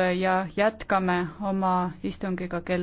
ja jätkame oma istungiga kell